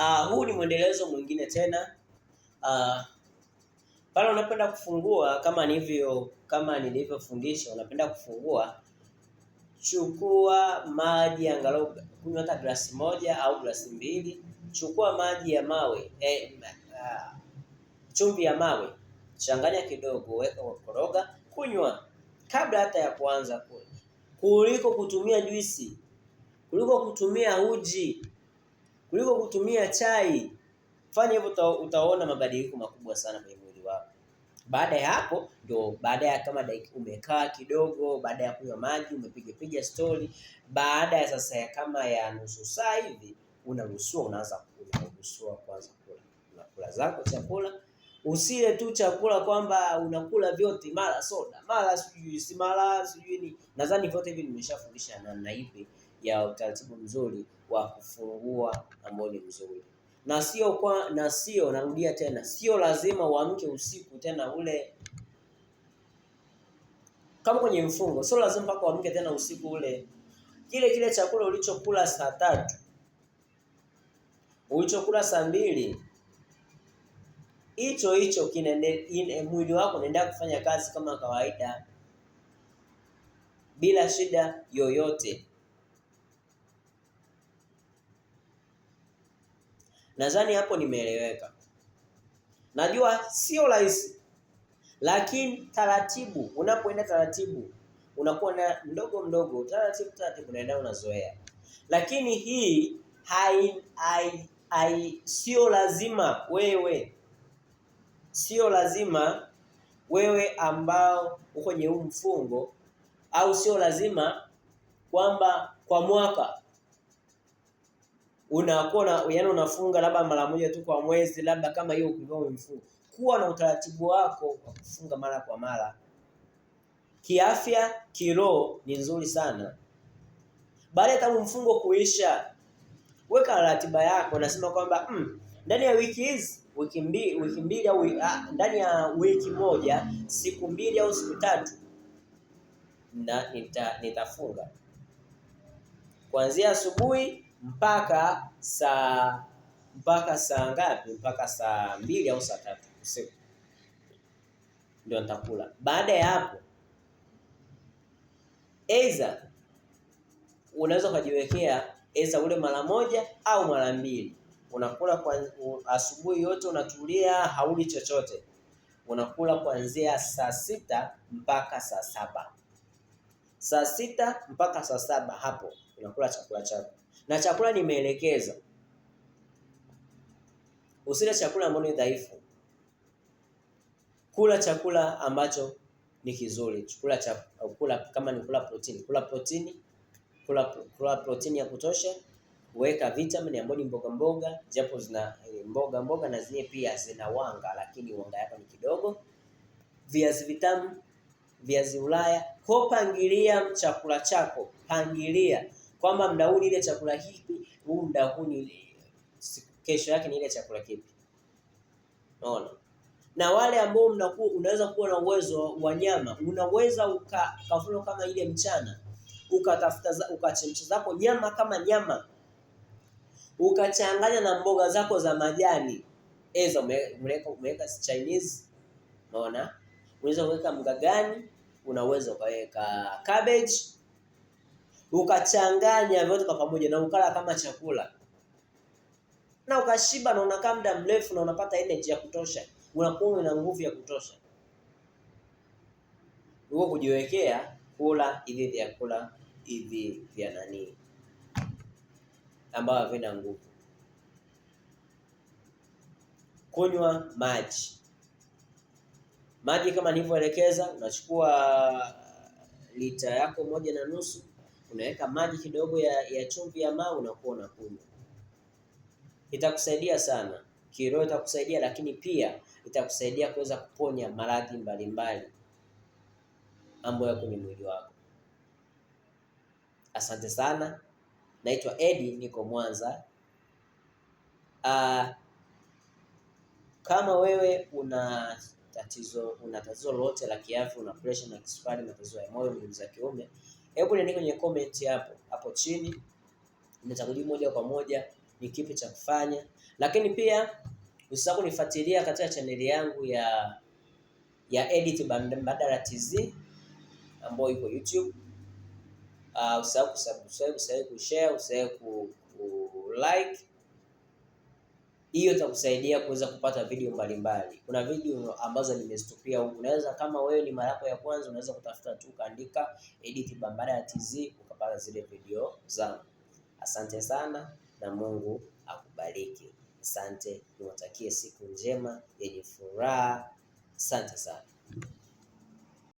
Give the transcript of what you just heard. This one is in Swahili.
Uh, huu ni mwendelezo mwingine tena uh, pale unapenda kufungua kama nilivyo kama nilivyofundisha, unapenda kufungua, chukua maji angalau kunywa hata glasi moja au glasi mbili. Chukua maji ya mawe eh, uh, chumvi ya mawe changanya kidogo, weka koroga, kunywa kabla hata ya kuanza kula, kuliko kutumia juisi, kuliko kutumia uji kuliko kutumia chai. Fanya hivyo uta, utaona mabadiliko makubwa sana kwenye mwili wako. Baada ya hapo ndio baada ya kama dakika umekaa kidogo, baada ya kunywa maji, umepiga piga stori, baada ya sasa ya kama ya nusu saa hivi unaruhusiwa unaanza kula, unaruhusiwa kwanza kula. Unakula zako chakula. Usile tu chakula kwamba unakula vyote mara soda, mara sijui si mara sijui ni. Nadhani vyote hivi nimeshafundisha namna ipi ya utaratibu mzuri wa kufungua ambao ni mzuri, na sio kwa na sio, narudia tena, sio lazima uamke usiku tena ule kama kwenye mfungo, sio lazima mpaka uamke tena usiku ule kile kile chakula ulichokula saa tatu ulichokula saa mbili hicho hicho kinaende mwili wako unaendelea kufanya kazi kama kawaida bila shida yoyote. Nadhani hapo nimeeleweka. Najua sio rahisi, lakini taratibu, unapoenda taratibu unakuwa na mdogo mdogo, taratibu taratibu unaenda unazoea, lakini hii hai, hai, hai sio lazima wewe, sio lazima wewe ambao uko kwenye huu mfungo, au sio lazima kwamba kwa mwaka unakuwa yaani unafunga labda mara moja tu kwa mwezi, labda kama hiyo ukivaa umefunga. Kuwa na utaratibu wako wa kufunga mara kwa mara, kiafya kiroho ni nzuri sana. Baada ya tangu mfungo kuisha, weka ratiba yako, nasema kwamba mm, ndani ya wiki hizi wiki mbili wiki mbili au ah, ndani ya wiki moja siku mbili au siku tatu na nita, nitafunga kuanzia asubuhi mpaka saa mpaka saa ngapi? Mpaka saa mbili au saa tatu usiku ndio nitakula. Baada ya hapo, aidha unaweza ukajiwekea aidha ule mara moja au mara mbili. Unakula kwa asubuhi yote, unatulia hauli chochote, unakula kuanzia saa sita mpaka saa saba saa sita mpaka saa saba hapo unakula chakula chako, na chakula nimeelekeza, usile chakula ambacho ni dhaifu, kula chakula ambacho ni kizuri. Chukula cha kula kama ni kula protini, kula protini, kula, kula protini ya kutosha, weka vitamin ambayo ni mboga mboga, japo zina eh, mboga mboga na zenyewe pia zina wanga, lakini wanga yako ni kidogo, viazi vitamu, viazi Ulaya. Ko, pangilia chakula chako, pangilia kwamba mda huu ile chakula kipi, huu mda huu ni kesho yake ile chakula kipi. Unaona? Na wale ambao mnakuwa unaweza kuwa na uwezo wa nyama, unaweza uka kama ile mchana ukatafuta ukachemsha zako nyama kama nyama ukachanganya na mboga zako za majani eza umeweka umeweka Chinese, unaona, unaweza kuweka mgagani, unaweza ukaweka cabbage ukachanganya vyote kwa pamoja na ukala kama chakula na ukashiba na unakaa muda mrefu na unapata energy ya kutosha, unakuwa na nguvu ya kutosha. Uko kujiwekea kula hivi vyakula hivi vya nani ambayo havina nguvu, kunywa maji. Maji kama nilivyoelekeza, unachukua lita yako moja na nusu unaweka maji kidogo ya, ya chumvi ya mawe unakuwa unakunywa. Itakusaidia sana kiroho, itakusaidia lakini pia itakusaidia kuweza kuponya maradhi mbalimbali ambayo yako kwenye mwili wako. Asante sana, naitwa Edi, niko Mwanza. Aa, ah, kama wewe una tatizo una tatizo lolote la kiafya, una pressure na kisukari, matatizo ya moyo, nguvu za kiume Hebu niandike kwenye comment hapo hapo chini, nitakujibu moja kwa moja ni kipi cha kufanya. Lakini pia usisahau kunifuatilia katika chaneli yangu ya ya Edit Mbadala TZ ambayo iko YouTube. Uh, usisahau kusubscribe, usisahau kushare, usisahau ku like hiyo itakusaidia kuweza kupata video mbalimbali. Kuna video ambazo nimezitupia huko, unaweza kama wewe ni mara yako ya kwanza, unaweza kutafuta tu ukaandika Edith Bambara TZ ukapata zile video zangu. Asante sana na Mungu akubariki. Asante, niwatakie siku njema yenye furaha. Asante sana.